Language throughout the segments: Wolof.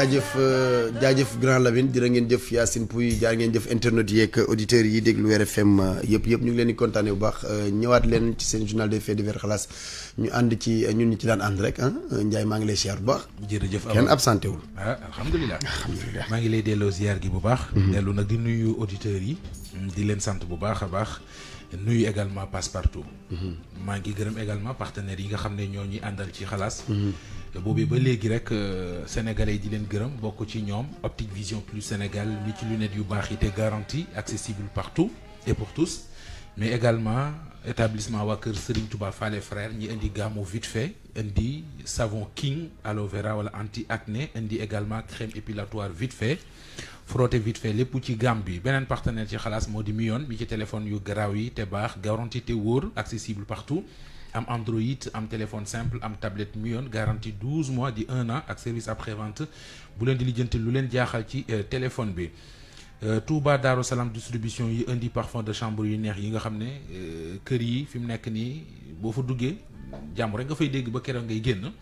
jaajëf euh, jaajëf Grand Lamine jërë ngeen jëf Yacine Pouy jaa ngeen jëf internet yeeg auditeurs yi déglu RFM euh, yëpp yëpp ñu ngi leen di kontaane bu baax euh, ñëwaat leen ci seen journal des faits divers xalaas ñu ànd ci ñun ñi ci daan ànd rek ah Ndiaye maa ngi lay ziar bu baax. jërëjëf Awa kenn absenté wul. ah maa ngi lay delloo ziar gi bu baax. nelu mhm. nag di nuyu auditeurs yi. di leen sant bu baax a baax. nuyu également passe partout. Mhm. maa ngi gërëm également partenaires yi nga xam ne ñoo ñuy àndal ci xalaas. Mhm. boobee ba léegi rek euh, sénégalais di leen gërëm bokk ci ñoom Optique Vision Plus Sénégal mi ci lunettes yu baax yi te garantie accessible partout et pour tous mais également établissement waa kër Serigne Touba Fallé frère ñi indi gamme vite fait indi savon king aloe vera wala anti acné indi également crème épilatoire vite fait frotté vite fait lépp ci gamme bi beneen partenaire ci xalaas moo di Mion mi ci téléphone yu garaaw yi te baax garantie te wóor accessible partout. am Android am téléphone simple am tablette mu yoon garantie douze mois di un an ak service après-vente bu leen di lijjanti lu leen jaaxal ci euh, téléphone bi euh, Touba Darou Salam distribution yi indi parfum de chambre yu neex yi nga xam ne euh, kër yi fi mu nekk nii boo fa duggee jàmm rek nga fay dégg ba keroog ngay génn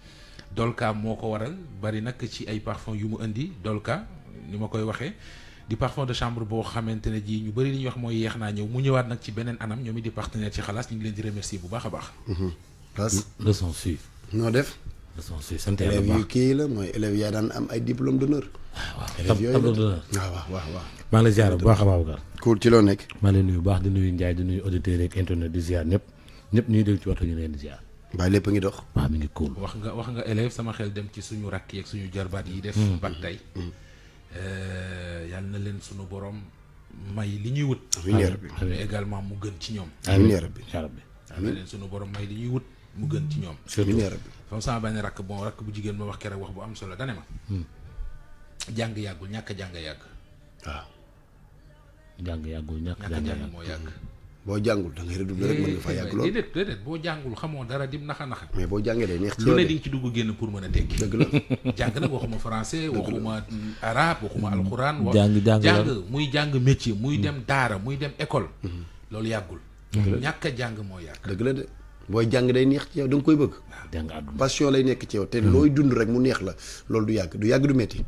Dolka moo ko waral bari nag ci ay parfum yu mu indi Dolka ni ma koy waxee. di parfum de chambre boo xamante ne ji ñu bëri li ñuy wax mooy yeex naa ñëw mu ñëwaat nag ci beneen anam ñoom it di partenaire ci xalaas ñu ngi di remercier bu baax a baax. Mhm. noo def. leçon sant yàlla bu baax élèves la mooy élèves yaa daan am ay diplôme d'honneur. Ah, élèves yooyu tableau d'honneur ah, waaw waaw waaw. maa ngi lay ziar bu baax a baax. cool ci loo nekk. maa ngi lay nuyu baax di nuyu Ndiaye di nuyu auditeur yeeg internet di ziar ñëpp ñëpp ñuy dégg ci waxtu ñu leen di ziar. waaye lépp a ngi dox. waaw mi ngi cool. wax nga wax nga élève sama xel dem ci suñu rakk yeeg suñu jarbaat yi def mm. bac tey mm. Eh, yal na leen sunu borom may li ñuy wut. amiin yaa rabbi mais également mu gën ci ñoom. amiin yaa rabbi yaa rabbi. yal na leen sunu borom may li ñuy wut mu gën ci ñoom. amiin yaa rabbi. fam sama benn rakk bon rakk bu jigéen ma wax kere wax bu am solo dane ma. Hmm. jàng yàggul ñàkk jàng yàgg. waaw. jàng yàggul ñàkk jàng moo yàgg. boo jàngul da ngay redoubler rek mën nga faa yàgg lool jàngul xamoo dara dim naxa naxa mais boo jàngee day neex ci lu ne di nga ci dugg génn pour mën a tekki dëgg la jàng nag waxuma français waxuma arabe waxuma mm-hmm. alxuraan wax jàng jàng jàng muy jàng métier mm-hmm. dem daara muy dem école mm-hmm. loolu yàggul a jàng moo yàgg dëgg la de booy neex ci da nga koy bëgg jàng àdduna passion lay nekk ci yow te looy dund rek mu neex la loolu du yàgg du yàgg du metti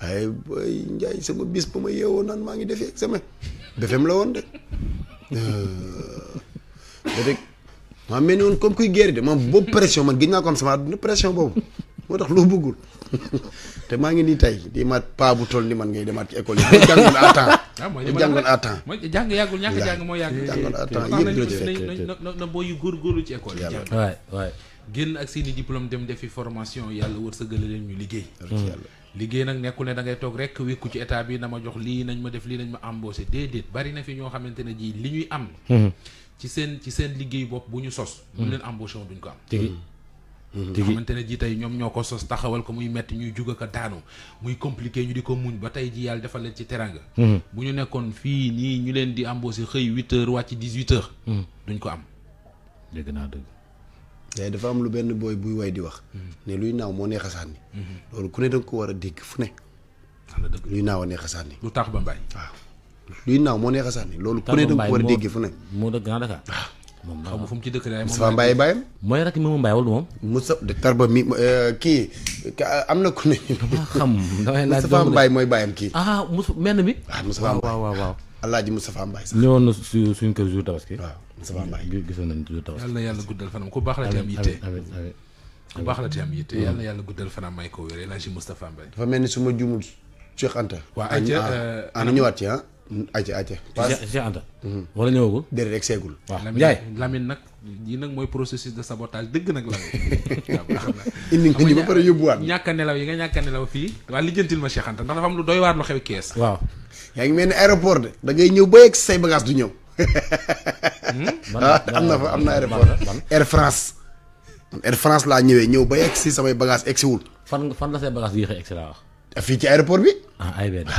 waaye njaay sama bis ba ma yeewoo naan maa ngi defee examen defem la woon de léeg-léeg euh. maa mel ni woon comme kuy guéri de man boobu pression man gis naa ko am sama àdduna pression boobu moo tax loo bëggul te maa ngi nii tey di mat paa bu toll ni man ngay demaat ci école yi. jàngoon à temps waaw ah, jàngoon à temps. mooy jàng yàggul yàgg. jàngoon à temps yëpp dina ci fekk na booy yu góorgóorlu ci école génn ak seen i diplôme dem defi formation yàlla wërsëgale leen ñu liggéey. liggéey nag nekkul ne da ngay toog rek wékku ci état bi na ma jox lii nañ ma def lii nañ ma embauché déedéet bari na fi ñoo xamante ne ji li ñuy am. Mhm. ci seen ci seen liggéey bopp bu ñu sos. bu mhm. leen embauché woon duñ ko am. tigi mhm. xamante ne ji tey ñoom ñoo ko sos taxawal ko muy metti ñuy jug ak daanu muy compliqué ñu di ko muñ ba tey ji yàlla defal leen ci teranga bu ñu nekkoon fii nii ñu leen di embauché xëy huit heures wàcc dix huit heures. duñ ko am. dégg naa dëgg. mais dafa am lu benn booy buy way di wax. Mm-hmm. ne luy naaw moo neex a sànni. Mm-hmm. loolu ku ne danga ko war a dégg fu ne. Ah, luy naaw a neex a sànni. lu taax ba mbaay. waaw luy naaw moo neex a sànni. loolu ku ne danga fu ne. moo dëgg Grand ah. moom xaw ma fu mu ci dëkk daay. Moustapha Mbaye bàyyam. mooy rek Mouma Mbaye wala moom. Moussa Tarba mi euh, kii am na ku ne. dama xam damay laaj mooy bàyyam kii. ah Moussa menn bi. Ah, waaw Moustapha Mbaye waaw waaw. Alaaji Moustapha Mbaye sax ñëwoon na su suñ kër jour tabaski. na yàlla guddal fanam ku la ci am yitte ku baax la ci am yitte mm. yàlla na yàlla guddal fanam may ko wér Alaaji Moustapha Mbaye. dafa mel ni su ma juumul Cheikh Anta. waaw ayca ana ñëwaat ci ah. ayca ayca. Cheikh Anta. Mm-hmm. wala ñëwagul. déedéet rek seegul. waaw Ndiaye Lamine nag mooy processus de sabotage dëgg nag la. indi indi ba pare yóbbuwaat. ñàkk a nelaw yi nga ñàkk a nelaw fii. waa lijjantil ma Cheikh Anta ndax dafa am lu doy waar lu xew kees. waaw. yaa ngi mel ni aéroport de da ñëw ba yegg say bagage du ñëw. Hmm? Ah, am na fa am na aéroport Air France. Air France laa ñëwee ñëw ba yegg si samay bagages egg si wul. fan fan la say bagages yéexee egg si laa wax. Ah, fii ci aéroport bi. ah AIBD.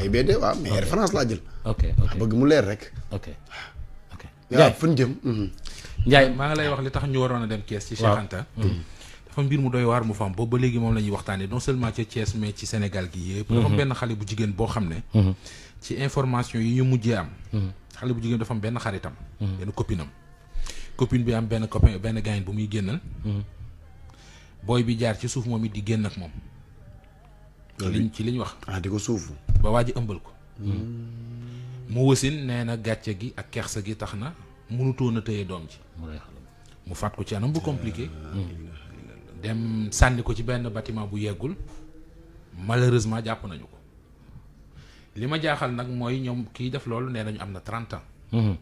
AIBD ah, waaw mais Air France laa jël. ok bëgg mu leer rek. ok ok. waaw fan jëm. Mhm. Ndiaye maa ngi lay wax li tax ñu waroon a dem Kees. ci Cheikh Anta. Mhm. dafa mbir mu doy waar mu fam boobu ba léegi moom la ñuy waxtaanee non seulement ci Thiès mais ci Sénégal gi yëpp. dafa am mhm. benn xale bu jigéen boo xam ne. Mhm. ci information yi ñu mujjee am. Mhm. xale bu jigéen dafa am benn xaritam. benn copine am copine bi am benn copain benn gaañ bu muy génnal. booy bi jaar ci suuf moom it di génn ak moom. ci liñ ci liñ wax. ah di ko suufu. ba waa ji ëmbal ko. mu wasin nee na gàcce gi ak kersa gi tax na mënutoon a tëye doom ji. mu faat ko ci anam bu compliqué. Ah, dem sànni ko ci benn batiment bu yeggul malheureusement jàpp nañu ko li ma jaaxal nag mooy ñoom kii def loolu nee nañu am na trente ans. Mhm.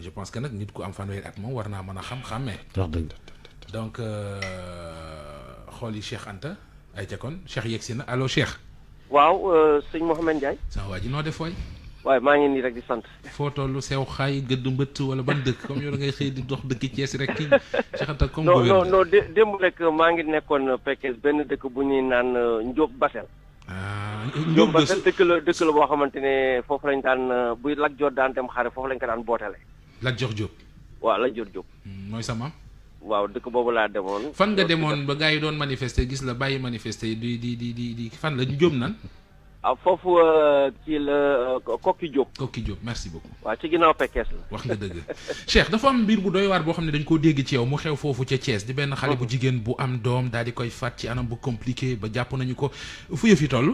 je pense que nag nit ku am fanweeri at moom war naa mën a xam-xàmmee. wax dëgg donc euh, xool yi Cheikh Anta ay ca kon Cheikh yegg si na allo Cheikh. waaw euh, sëñ Mouhamed Ndiaye. sama waa ji noo def fooy. waaye maa ngi nii rek di sant. foo toll sew xaay gëdd mbëtt wala ba dëkk comme yow da ngay xëy di dox dëkk Thiès rek kii. Cheikh comme non non non démb rek maa ngi nekkoon Pekes benn dëkk bu ñuy naan Ndiop Basel. Ndiop Basel dëkk la dëkk boo xamante ne foofu lañ daan euh, buy Lat Joor daan dem foofu lañ ko daan bootale. Lat Joor Diop. waaw Lat hmm, mooy sama. waaw dëkk boobu laa demoon. fan nga demoon ba gars yi doon manifester gis la bàyyi manifester di di di di fan la Ndiop nan. ah foofu euh, ci la euh, Kokki Diop. Kokki Diop merci beaucoup. waaw ci ginnaaw Pekes la. wax nga dëgg Cheikh dafa am mbir bu doy waar boo xam ne dañ koo dégg ci yow mu xew foofu ca Thiès di benn xale bu mhm. jigéen bu am doom daal di koy faat ci anam bu compliqué ba jàpp nañu ko fu yëf yi toll.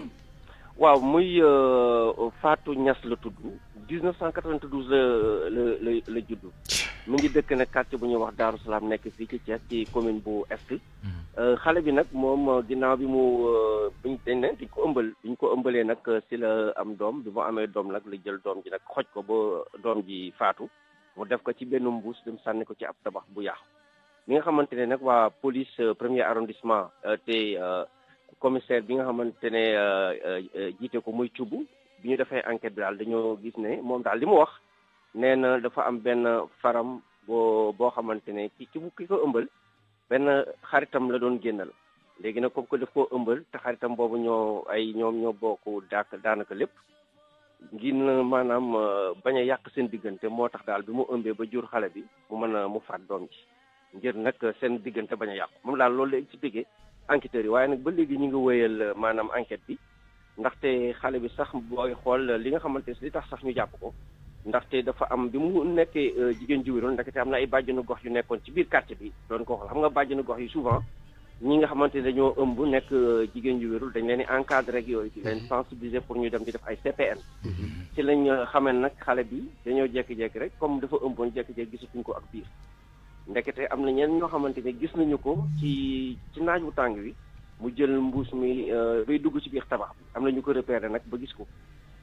waaw muy euh, Fatou ñas la tudd 1992 la la la la judd. mi ngi dëkk nag quartier bu ñuy wax Darou Salaam nekk fii ci Thiès ci commune bu Est. Mhm. Euh, xale bi nag moom euh, ginnaaw bi mu euh, buñ dañ ne diñ ko ëmbal biñ ko ëmbalee nag si la am doom bi mu amee doom nag la jël doom ji nag xoj ko ba doom ji faatu mu def ko ci benn mbuus dem sànni ko ci ab tabax bu yàqu bi nga xamante ne nag waa police premier arrondissement te commissaire bi nga xamante ne jiite ko muy cubb bi ñu defee enquête daal dañoo gis ne moom daal li mu wax nee na dafa am benn faram boo boo xamante ne ki ki ki ko ëmbal benn xaritam la doon génnal léegi nag comme que daf koo ëmbal te xaritam boobu ñoo ay ñoom ñoo bokk daak daanaka lépp ngir maanaam euh, bañ a yàq seen diggante moo tax daal bi mu ëmbee ba jur xale bi mu mën a mu faat doom ji ngir nag seen diggante bañ a yàqu moom daal loolu la expliqué enquêteurs yi waaye nag ba léegi ñu ngi wéyal euh, maanaam enquete bi ndaxte xale bi sax booy xool li nga xamante li tax sax ñu jàpp ko ndaxte dafa am bi mu nekkee euh, jigéen ju wéroon ndaxte am na ay bàjjenu gox yu nekkoon ci biir quartier bi doon ko xool xam nga bàjjenu gox yi souvent ñi nga xamante ne dañoo ëmb nekk euh, jigéen ju wérul dañ leen di encadré ak yooyu di leen mhm. sensibiliser pour ñu dem di def ay CPN mhm. ci lañ euh, xamee nag xale bi dañoo jékki-jékki rek comme dafa ëmboon jékki-jékki gisatuñ ko ak biir ndekete am na ñenn ñoo xamante ne gis nañu ko ci ci naaj wu tàng wi mu jël mbuus mi bay dugg ci biir tabax am na ñu ko repéré nag ba gis ko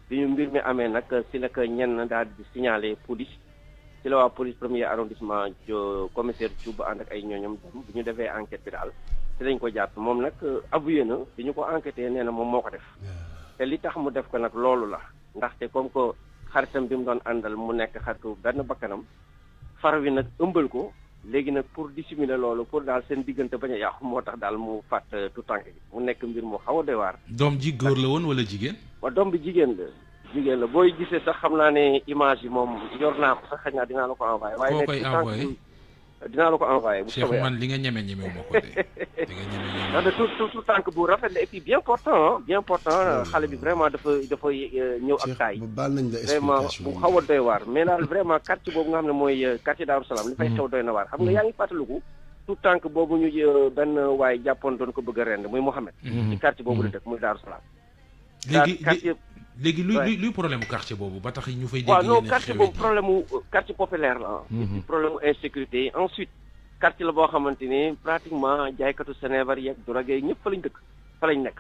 bi ñu mbir mi amee nag si nag ñenn daal di signalé police ci la waa police premier arrondissement commissaire Thioub ànd ak ay ñooñam dem bi ñu defee enquête bi daal ci lañ ko jàpp moom nag abu na bi ñu ko enquêté nee na moom moo ko def te li tax mu def ko nag loolu la ndaxte comme ko xaritam bi mu doon àndal mu nekk xaritu benn bakkanam far wi nag ëmbal ko léegi nag pour dissimuler loolu pour daal seen diggante bañ a yàqu moo tax daal mu fàtt tu tànk gi mu nekk mbir moo xaw a doy waar doom ji góor la woon wala jigéen waaw doom bi jigéen la jigéen la booy gisee sax xam naa ne image yi moom yor naa ko sax xëy naa dinaa la ko envoyé waaye nekk dinaa la ko envoyé. bu soobee Cheikh man li nga ñeme ñeme wu ma ko de. li nga ñeme ñeme wu ma ko tout tout tànk bu rafet la et puis bien xale bi vraiment dafa dafa euh, ñëw ak taay. baal nañ la explication bu xaw doy waar. mais daal vraiment quartier boobu nga xam ne mooy euh, quartier Daaru Salaam. li fay mm-hmm. xew doy na waar xam nga mm-hmm. yaa ngi fàttaliku. tout tànk boobu ñu euh, benn waaye jàppoon doon ko bëgg a rend muy Mohamed. Mm-hmm. ci quartier boobu la dëkk muy Daaru Salaam. léegi luy luy problème mu quartier boobu ba tax ñu fay. dégg waaw non quartier boobu problème mu euh, quartier populaire la mhm. problème mu insécurité yi ensuite. quartier la boo xamante ni pratiquement jaaykatu Sénégal yeeg drogue ñëpp fa lañ dëkk fa lañ nekk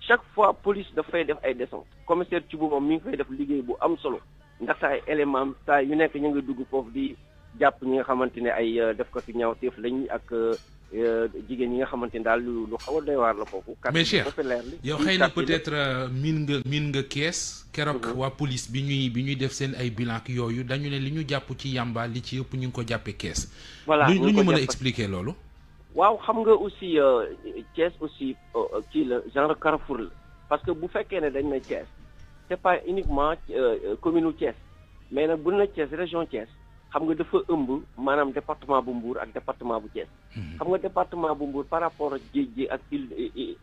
chaque fois police daf fay def ay descente commissaire ci bu moom mi ngi fay def liggéey bu am solo ndax ay élément saa yu nekk ñu ngi dugg foofu di. jàpp ñi nga xamante ne ay euh, def ko ci ñaawteef lañ ak euh, euh, jigéen ñi nga xamante ne daal lu lu xaw a doy la foofu. mais Cheikh yow xëy na peut-être miin nga miin nga kees. keroog mhm. waa police bi ñuy bi ñuy def seen ay bilan yooyu dañu ne li ñu jàpp ci yàmba li ci ëpp ñu ngi ko jàppee kees. voilà lu ñu mën a expliquer loolu. waaw xam nga aussi Thiès aussi kii la genre Carrefour la parce que bu fekkee ne dañ na Thiès c'est pas uniquement commune Thiès mais nag bu na Thiès région Thiès. xam nga dafa ëmb maanaam département bu Mbour ak département bu Thiès. Mhm. xam nga département bu Mbour par rapport ak géej gi ak il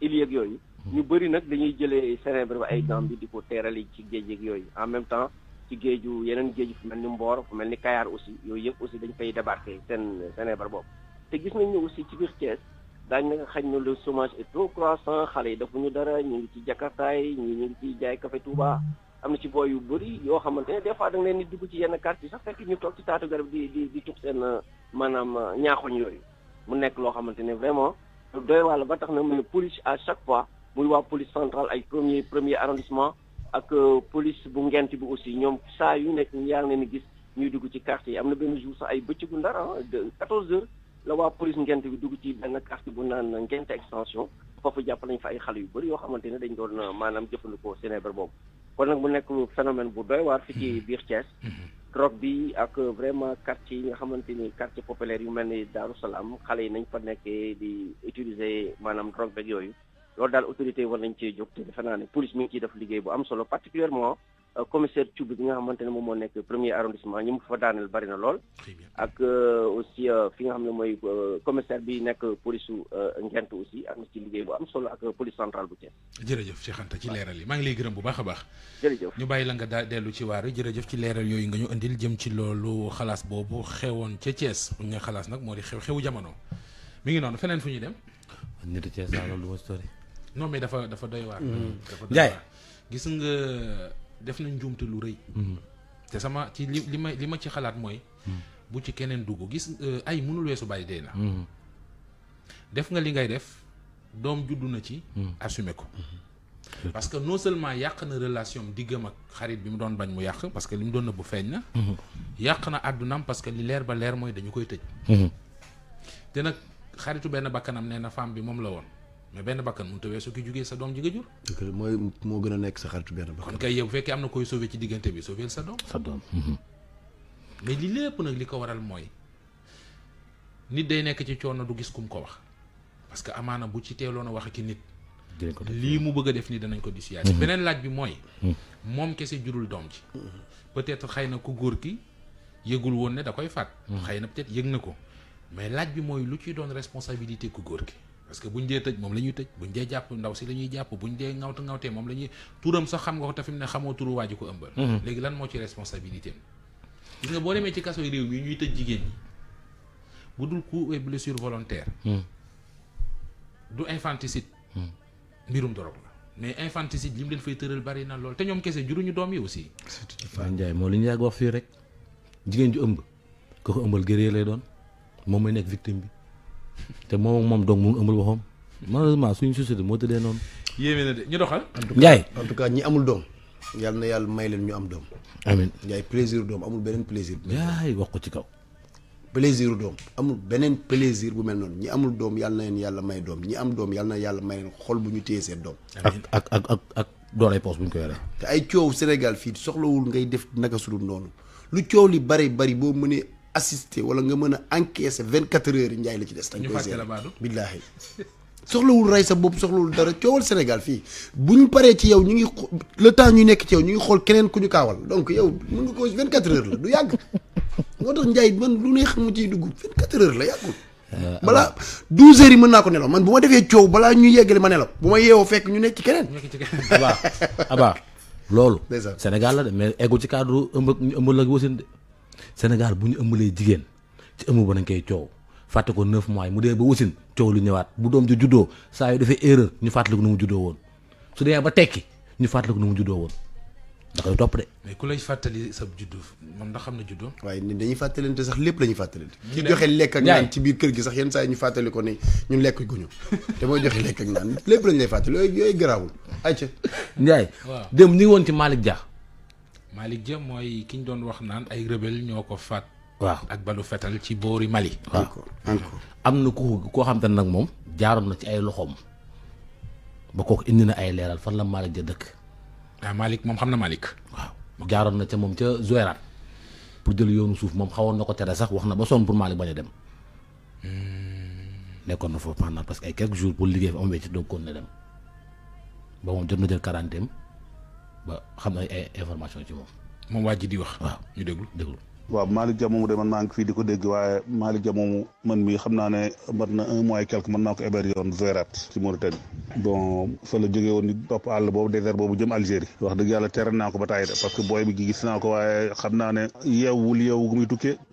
il yeeg yooyu. Mhm. ñu bëri nag dañuy jëlee cérébre bi ay Gambie di ko teerali ci géej yeeg yooyu en même temps ci géeju yeneen géej fu mel ni Mboor fu mel ni Kayar aussi yooyu yëpp aussi dañ fay débarquer seen cérébre boobu. te gis nañ ne aussi ci biir Thiès daañu ne xañ na le chômage est trop croissant xale yi dafa ñu dara ñu ngi ci jakartaay ñu ngi ci jaay café Touba. am na ci booy yu bëri yoo xamante ne des fois leen di dugg ci yenn quartier sax fekk ñu toog ci taatu garab di di di seen euh, maanaam euh, ñaaxoñ yooyu mu nekk loo xamante ne vraiment doy wàll ba tax na mu ne police à chaque fois muy waa police centrale ay premier premier arrondissement ak euh, police bu ngent bi aussi ñoom saa yu nekk yaa ngi leen di gis ñuy dugg ci quartier yi am na benn jour sax ay bëccëgu ndar ah de 14 heures la waa police ngent bi dugg ci benn quartier bu naan ngent extension foofu jàpp nañ fa ay xale yu bëri yoo xamante ne dañ doon maanaam jëfandikoo Sénégal boobu. kon nag mu nekk phénomène bu doy waar fi ci mm-hmm. biir Thiès. drogue mm-hmm. bi ak vraiment quartier yi nga xamante ni quartier populaire yu mel ni Daaru Salaam xale yi nañ fa nekkee di utiliser maanaam drogue beeg yooyu loolu daal autorité yi war nañ cee jóg te defe naa ne police mi ngi ciy def liggéey bu am solo particulièrement commissaire Thioub bi nga xamante ne moom moo nekk premier arrondissement ñi mu fa daaneel bari na lool. ak euh, aussi euh, fi nga xam ne mooy euh, commissaire bi nekk police su Ngent aussi am na ci liggéey bu am solo ak police centrale bu Thiès. jërëjëf Cheikh Anta ci leeral yi maa ngi lay gërëm bu baax a baax. jërëjëf ñu bàyyi la nga daal dellu ci waar jërëjëf ci leeral yooyu nga ñu indil jëm ci loolu xalaas boobu xewoon ca Thiès bu ñu xalaas nag moo di xew xewu jamono mi ngi noonu feneen fu ñuy dem. nitu Thiès ah, loolu du ma sori. non mais dafa dafa doy waar. Mm. Ndiaye gis nga def nañ njuumte lu rëy. Mhm. te sama ci li li ma li ma ci xalaat mooy. Mhm. bu ci keneen dugg gis euh, ay mënul weesu bàyyi dee na. Mhm. def nga li ngay def doom juddu na ci. assumer ko. parce que non seulement yàq na relation diggam ak xarit bi mu doon bañ mu yàq parce que li mu doon nëbbu feeñ na. yàq na àddunaam parce que li leer ba leer mooy dañu koy tëj. te nag xaritu benn bàkkanam nee na femme bi moom la woon. mais benn bakkan mënut a weesu ki jugee sa doom ji nga jur. mooy moo gën a nekk sa xaritu benn bakkan. kon kay yow bu fekkee am na koy sauver ci diggante bi sauver sa doom. sa doom. Mhm. mais li lépp nag li ko waral mooy nit day nekk ci coono du gis kum ko wax parce que amaana bu ci teeloon a wax ki nit. lii mu bëgg a def nii danañ ko dissuader. Mhm. beneen laaj bi mooy. Mhm. moom kese jurul doom ji. peut-être xëy na ku góor ki yëgul woon ne da koy faat. xëy na peut yëg na ko mais laaj bi mooy lu ciy doon responsabilité ku góor ki. parce que buñ dee tëj moom la ñuy tëj buñ dee jàpp ndaw si la ñuy jàpp buñ dee ngawta ngawtee moom la ñuy turam sax xam nga ko te fi ne xamoo turu waa ji ko ëmbal mhm. moo ci responsabilité boo demee ci kaso réew mi ñuy tëj jigéen bu dul coup et mhm. du infanticide mhm. mbirum dorog la mais infanticide li leen fay tëral bari na lool te ñoom kese juruñu doom yi aussi Fane Ndiaye moo li ñu wax fii rek jigéen ju ëmb ko ko ëmbal gëree lay doon moom mooy nekk victime bi te moom ak moom donc mu amul waxam malheureusement suñu société moo tëddee noonu. yéeme na de ñu doxal. Ndiaye en tout cas ñi amul doom. yàlla na yàlla may leen ñu am doom. amiin Ndiaye doom amul beneen plaisir. Ndiaye wax ko ci kaw. plaisir doom amul beneen plaisir bu mel noonu ñi amul doom yàlla na leen yàlla may doom ñi am doom yàlla na yàlla may leen xol bu ñu téye seen doom. ak ak ak ak ak doole poos bu ñu ko yoree. te ay coow Sénégal fii soxlawul ngay def naka su dul noonu lu coow li bari bari boo mënee assister wala nga mën a encaisser vingt quatre heures yi njaay la ci des. dañ koy seet billaahi soxlawul rey sa bopp soxlawul dara coowal Sénégal fii bu ñu paree ci yow ñu ngi le temps ñu nekk ci yow ñu xool keneen ku ñu kaawal donc yow mën nga koo vingt quatre heures la du yàgg moo tax njaay man lu neex mu ciy dugg vingt quatre heures la yàggul. Euh, balaa douze heures yi mën naa ko nelaw man bu ma defee coow balaa ñu yeggale ma nelaw bu ma yeewoo fekk ñu nekk ci keneen. abaa abaa loolu. Sénégal la de mais eggu ci cadre ëmb ëmb la wasin de Sénégal bu ñu ëmbalee jigéen ci ëmb ba nañ koy coow fàtte ko neuf mois mu dee ba wasin coow lu ñëwaat bu doom ji juddoo saa yu defee erreur ñu fàttaliku nu mu juddoo woon su dee ba tekki ñu fàttaliku nu mu juddoo woon da koy topp de. ku lay fàttali sa juddu moom ndax xam na juddoo. waaye nit dañuy fàttalante sax lépp lañuy ñuy fàttalante. ñu joxe lekk ak naan ci biir kër gi sax yenn saa yi ñu fàttali ko ni ñun lekk guñu te mooy joxe lekk ak naan lépp lañ lay fàttali yooyu yooyu garaawul. ayca Ndiaye. waaw démb woon ci Malick Dia Malick Dia mooy ki ñu doon wax naan ay rebelle ñoo ko fat waaw ak balu fetal ci boori Mali. waaw am na ku koo xam te nag moom jaaroon na ci ay loxoom ba kooku indi na ay leeral fan la Malick Dia dëkk. ah Malick moom xam na Malick. waaw jaaroon na ca moom ca Zouérate pour jël yoonu suuf moom xawoon na ko tere sax wax na ba sonn pour Malick bañ dem. Hmm. nekkoon na foofu pendant parce que ay quelques jours pour liggéey fa am wécc doog koon ne dem ba moom jot na jël quarantaine ba xam na ay information ci moom. moom waa ji di wax. waaw ñu déglu déglu. waaw Malick Dia moomu de man maa ngi fii di ko dégg waaye Malick Dia moomu man mii xam naa ne mat na un mois et quelque mën naa ko héberger woon Zouérate ci Mauritanie bon fa la jógee woon di topp àll boobu désert boobu Algérie wax dëgg yàlla tere naa ko ba tàyyi de parce que booy bi gis naa ko waaye xam naa ne yeewul yeewu gu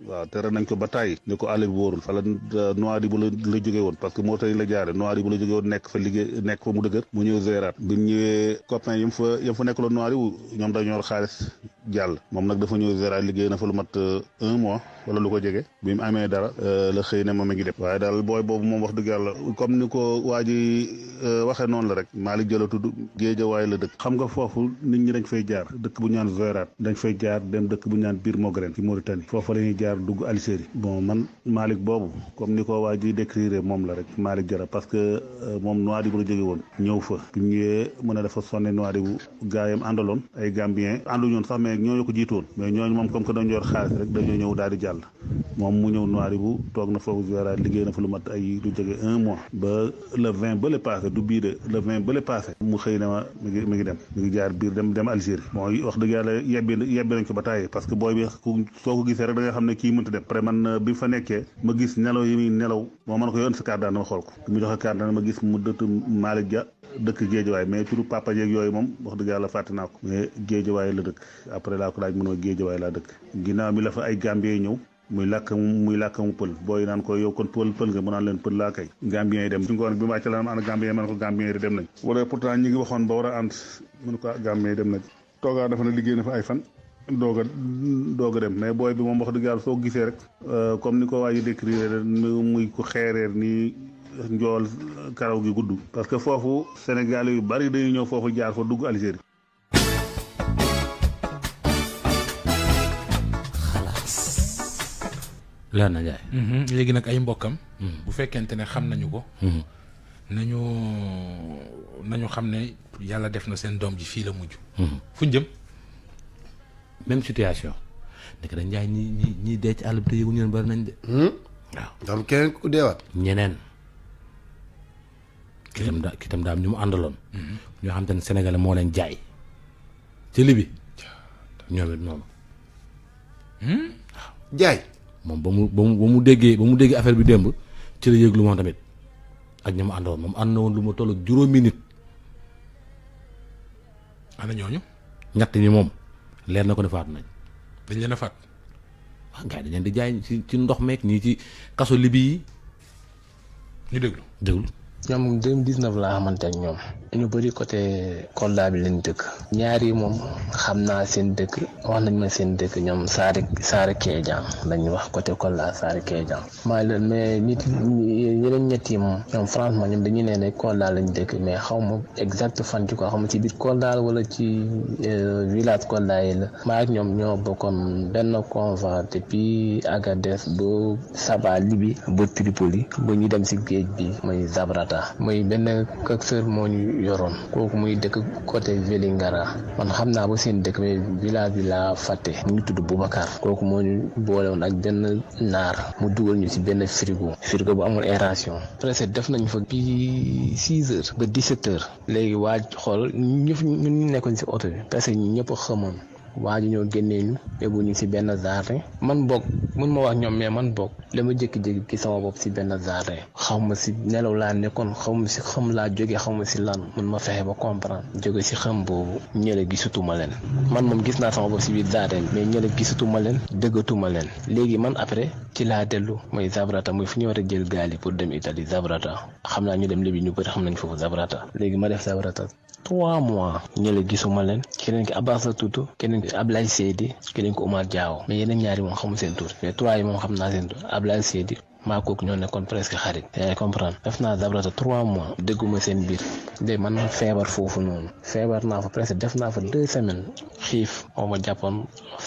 waaw tere nañ ko ba tàyyi ne ko àll bi wóorul fa la euh, Nouadhibou la la jógee woon parce que Mauritanie la jaare Nouadhibou la jógee woon nekk fa liggéey nekk fa mu dëgër mu ñëw Zouérate nekk la Nouadhibou ñoom dañoo xaalis jàll moom nag dafa ñëw liggéey na fa lu mat de un mois wala lu ko jege bi mu amee dara euh, la xëy ne moom a ngi dem waaye daal booy boobu moom wax dëgg yàlla comme ni ko waa ji euh, noonu la rek Malick Diallo tudd Géejawaay la dëkk xam nga foofu nit ñi dañ fay jaar dëkk bu ñaan dañ fay jaar dem dëkk bu ñaan biir Mogren ci Mauritanie foofu la ñuy jaar dugg Algérie bon man Malick boobu comme ni ko waa ji décrire moom la rek Malick Diallo parce que euh, moom Nouadhibou la jóge woon ñëw fa bi mu ñëwee mu a dafa sonne Nouadhibou gaayam àndaloon ay Gambien ànduñoon sax mais ñooñu ko jiitoon mais ñooñu moom comme que dañu yor xaalis rek dañoo ñëw daal di jaar yàlla moom mu ñëw Nouadhibou toog na foofu ziaraat liggéey na fa lu mat ay du jege un mois ba le vingt ba le du bii de le vingt ba le mu xëy na ma mi ngi dem mi ngi jaar biir dem dem Algérie bon wax dëgg yebbi yebbi nañ ko ba tàyyi parce que booy bi soo ko gisee rek da xam ne kii mënta dem après man bi fa nekkee ma gis nelaw yi muy nelaw moo mën ko yoon sa carte d'identité xool ko mu joxe carte d'identité ma gis mu dëtt Malick Dia dëkk géejawaay mais turu papa yeeg yooyu moom wax dëgg yàlla fàtte naa ko mais géejawaay la dëkk après laa ko laaj mënoo géejawaay laa dëkk ginnaaw bi la fa ay gambien ñëw muy làkk muy làkk mu yi dem nañ a a doog a dem mais booy bi moom wax dëgg yàlla soo gisee rek euh, comme ni ko waa ji muy ku xeereer nii njool karaw gi gudd parce que foofu Sénégal yu bari dañuy ñëw foofu jaar fa dugg Algérie leer na jaay mhm. léegi nag ay mbokkam mhm. bu fekkente ne xam nañu ko mhm. nañu xam ne yàlla def na seen doom ji fii la mujj fu jëm même situation nekk dañ jaay ñi ñi ñi dee ci àll bi te yëguñu leen bari nañ de hmm? waaw daam keneen ku deewaat ñeneen ki tam daa ki daa am ñu mu àndaloon. ñoo xam te ne sénégalais moo leen jaay. ci libi ñoom it noonu. Hmm? jaay. moom ba mu ba mu ba mu déggee ba mu déggee affaire bi démb ci la yëglu moom tamit ak ñi mu àndaloon moom ànd na woon lu ma toll juróomi nit. ana ñooñu. ñett ñi moom leer na ko ne faatu nañ. dañ leen a faat. waaw gars yi dañ leen di jaay ci ci ndox meeg ñii ci kaso libi yi. ñu déglu déglu. ñoom 2019 laa xamante ak ñoom. ñu bëri côté Kolda bi leen dëkk ñaar yi moom xam naa seen dëkk wax nañ ma seen dëkk ñoom Saare Saare Kédian lañ wax côté Kolda Saare Kédian maa leen mais nit yeneen ñett yi moom ñoom franchement dañuy nee ne Kolda lañ dëkk mais xaw ma exact fan ci quoi ma ci biir Kolda wala ci euh, village Kolda yi la maa ñoom ñoo bokkoon benn convoi depuis Agadez ba Saba Libi ba Tripoli ba ñu dem si géej bi mooy Zabrata mooy benn këksër moo yoroon kooku muy dëkk côté Vélingara man xam naa ba seen dëkk mais village bi laa fàtte mu ngi tudd Boubacar kooku moo ñu boole woon ak benn naar mu dugal ñu ci benn frigo frigo bu amul aération presque def nañ fa bi six heures ba dix-sept heures léegi waaj xool ñëf ñu nekkoon ci oto bi parce que ñëpp xamoon waa ji ñoo génnee ñu yóbbu ñu si benn jardin man bokk mun ma wax ñoom mais man la ma jékki-jékki ki sama bopp si benn jardin xaw ma si nelaw laa nekkoon xaw ma si xam laa jóge xaw ma si lan mun ma fexe ba comprendre jóge si xam boobu ñële gisatuma leen man moom gis naa sama bopp si biir jardin mais ñële gisatuma leen dëggatuma leen léegi man après ci laa dellu mooy Zabrata muy fu ñu war jël gaal yi pour dem Italie Zabrata xam naa ñu dem lébi ñu bëri xam nañ foofu Zabrata léegi ma def Zabrata trois mois ñële gisuma leen keneen ki Abbas la tudd keneen ki Ablaye Seydi keneen ki Omar Diaw mais yeneen ñaari moom xamul seen tur mais trois yi moom xam naa seen tur Ablaye Seydi maa kooku ñoo nekkoon presque xarit yaa comprendre def naa dabrata trois mois dégguma seen biir de man ma feebar foofu noonu feebar naa fa presque def naa fa deux semaines xiif moo ma jàppoon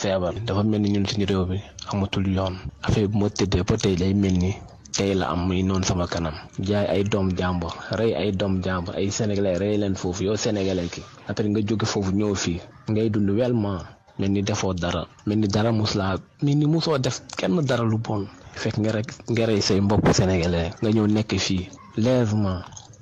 feebar dafa mel ni ñun suñu réew bi amatul yoon affaire bi ma tëddee ba tey day mel ni tey la am muy noonu sama kanam jaay ay doom jàmbur rey ay doom jàmbur ay sénégalais rey leen foofu yow sénégalais ki après nga jóge foofu ñëw fii ngay dund wellement mel ni defoo dara mel ni dara mus laa mel ni musoo def kenn dara lu bon fekk nga rek nga rey say mbokk sénégalais nga ñëw nekk fii lèvement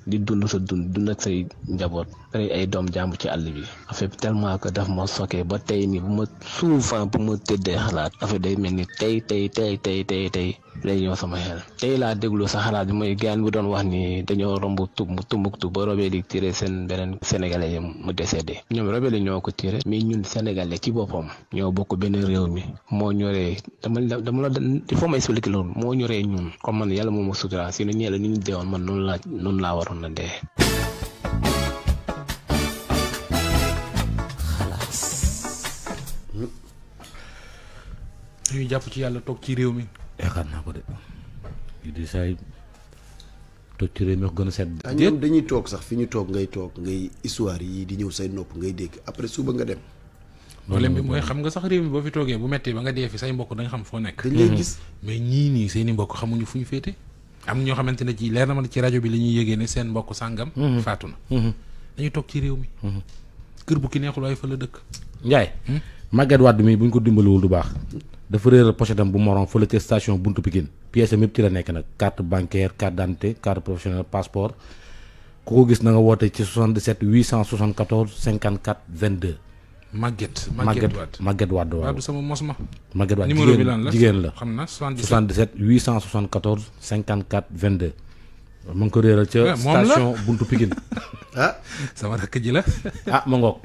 di dund sa dund dund ak say njaboot rey ay doom jàmbur ci àll bi affaire bi tellement que daf ma sokkee ba tey ni bu ma souvent bu ma tëddee xalaat affaire day mel ni tey tey tey tey tey lay ñëw sama xel tey laa déglu sax xalaat bi mooy gaan bu doon wax ni dañoo romb tum Tumbuktu ba Robéli tiré seen beneen sénégalais yi mu décédé ñoom Robéli ñoo ko tiré mais ñun sénégalais ci boppam ñoo bokk benn réew mi moo ñoree dama dama la il faut ma expliquer moo ñoree ñun comme man yàlla moom ma sutura si nu ñeela ni ñu deewoon man noonu laa noonu laa waroon na dee xalaas ñuy jàpp ci yàlla toog ci réew mi yaakaar naa ko de di saay toog ci réew mi gën a set. Ah, dañuy toog sax fi ñu toog ngay toog ngay histoire yi di ñëw say nopp ngay dégg après suba nga dem. problème bi mooy xam nga sax réew mi boo fi toogee bu mettee ba nga dee fi say da nga xam nekk. dañ lay mhm. gis mais seen i mbokk xamuñu fu ñu féete. am ñoo xamante ne ci leer na ma ci rajo bi la ñuy yëgee ne seen mbokk sàngam. Mhm. faatu na. Mhm. dañuy toog ci réew mi. kër bu ki neexul waaye fa la dëkk. Ndiaye. Hmm? Maguette Wade mi bu ñu ko dimbalewul du baax. dafa réeral pochette am bu morom fële ca station buntu Pikine pièce am yëpp ci la nekk nag carte bancaire carte d'identité carte professionnelle passeport ku ko gis na nga woote ci 77 874 54 22. Maguette Maguette Wade Maguette Wade waaw. sama mos ma. Maguette Wade numéro jigéen la xam na 77 874 54 22. mu ngi ko réeral ca eh, station buntu Pikine. ah sama a ji la. ah ma ngoog.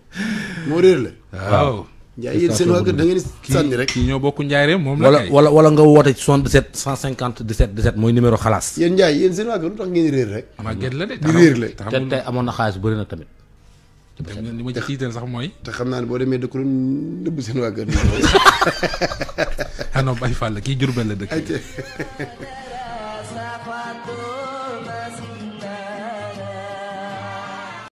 moo réer la waaw. Ndiaye yéen seen waa kër da ngeen sànni rek kii ñoo bokk Ndiaye moom la kay wala wala nga woote ci 77 150 17 17 mooy numéro xalaas. yéen Ndiaye yéen seen waa kër lu tax ngeen réer rek. màgget la de di te amoon na xaalis bëri na tamit. li ma ci tiital sax mooy. te xam naa ne boo demee dëkk lu nëbb seen waa kër. xanaa Baye Fall kii Jurbel la dëkk.